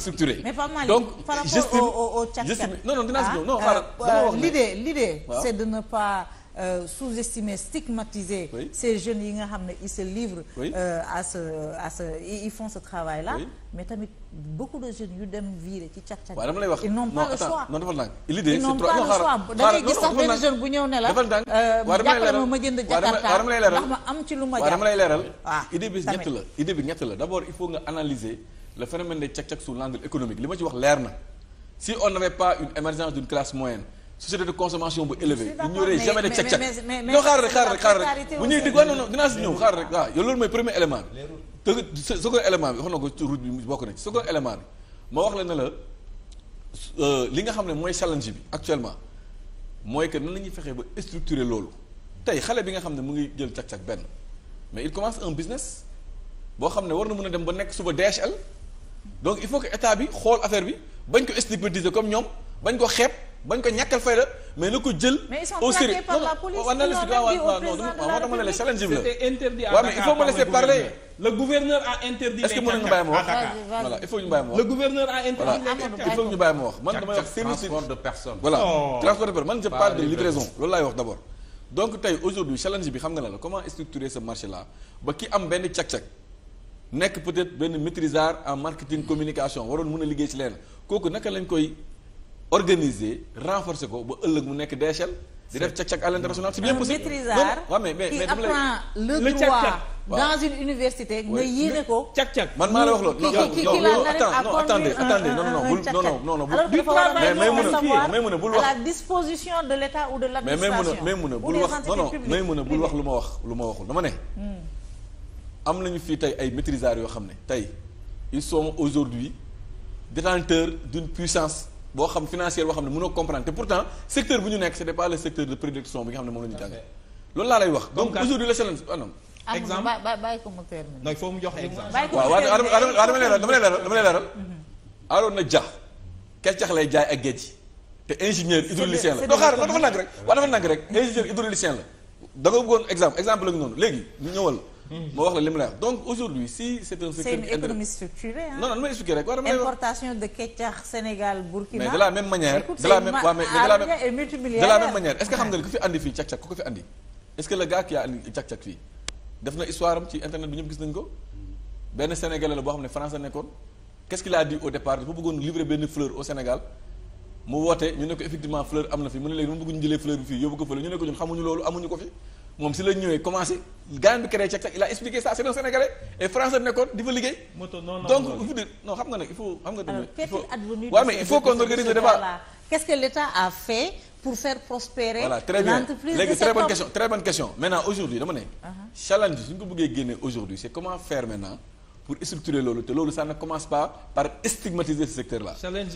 structuré. mais pas mal donc par rapport au au càkkat non dinaa si ñëw non ah. xaaral euh, dama wax l'idée c'est de ne pas. Euh, sous-estimer stigmatiser oui. ces jeunes yi nga xam ne ils se livre oui. euh, à ce à ce ils font ce travail là mais tamit beaucoup de jeunes yu dem virer ci càq-càq ils n'ont pas le choix non defal ndànk l'idée ils n'ont pas le choix da gis sax benn jeune bu ñëw ne la euh, jàppal ma ma jënd jakarta ndax ma am ci lu ma jàpp waaw dama lay leeral ah. idée bi ñett la idée bi ñett la nga analyser le phénomène des càq-càq sous l'angle économique li ma ci wax leer na si on n'avait pas une émergence d'une classe moyenne société de consommation bu élevée il n'y aurait jamais rek xaar rek bu ñuy dig waaw non non si ñëw xaar rek waaw yow loolu mooy premier élément bi te second élément bi wax na ko route bi bokk na ci élément bi ma wax la ne la euh, li nga xam ne mooy challenge bi actuellement mooy que nan la ñuy fexee ba structurer loolu tey xale bi nga xam ne mu ngi jël càq benn mais il commence un boo xam ne war na mën a dem ba nekk suba DHL donc il faut que état bi xool affaire bi bañ ko stigmatiser comme ñoom bañ ko xeeb bañ ko ñàkkal fayda mais na ko jël. au sérieux non non non la challenge bi la. c'était interdit à Dakar mais il faut me a nga bàyyi ma wax voilà il faut ñu bàyyi ma wax. a man damay wax oh. transport de personne. man je parle de livraison loolu laay wax d'abord. donc tey aujourd'hui challenge bi xam nga ne la comment structurer ce marché là ba ki am benn càq-càq nekk peut-être benn maîtrisard en marketing communication waroon mën a liggéey ci leen kooku naka lañ koy organiser renforcer ko ba ëllëg mu nekk d'échelle di def cag-cag à man la wax loolu yow yow attends non attendez attendez non non non a bul wax à la disposition de l'État a may wax bul wax lu ma wax lu ma waxul dama ne hmm. am nañu fii tey ay maîtrisards yoo xam ne tey ils sont aujourd'hui détenteurs d'une puissance boo xam financière boo xam ne mënoo comprendre te pourtant secteur bu ñu nekk c'était pas le secteur de prédilection bi nga xam ne moom la ñu loolu laa lay wax donc aujourd'hui la challenge ah non exemple na jax kercax lay jaay ak géej te ingénieur hydraulicien la doo dafa nag rek waaw dafa nag rek ingénieur hydraulicien la da nga bëggoon exemple exemple la noonu léegi ñëwal Hmm. moo wax la li mu lay wax donc aujourd'hui si c'est un secteur. c'est une économie may expliquer rek war de ketchup Sénégal Burkina. mais de la manière. de la manière est-ce xam nga ni ku fi andi fii càq-càq ku ko fi andi est-ce que le gars qui a andi càq-càq fii def na histoire am ci internet bi ñëpp gis nañ ko benn Sénégalais la boo xam ne France la nekkoon qu'est-ce qu'il a au départ dafa bëggoon livrer benn fleur au Sénégal mu woote am na fi moom si la ñëwee commencé gaañ bi créé chèque sax il a expliqué ça c'est un sénégalais et français nekkoon di fa liggéey. donc il faut non xam nga nag il faut. xam nga tamit il faut waaw mais il faut qu'on organise le débat. qu'est-ce que a fait pour question très bonne aujourd'hui dama uh-huh. challenge bi su ko bëggee génne aujourd'hui c'est comment faire maintenant pour structurer loolu te loolu ça ne commence pas par stigmatiser ce secteur-là.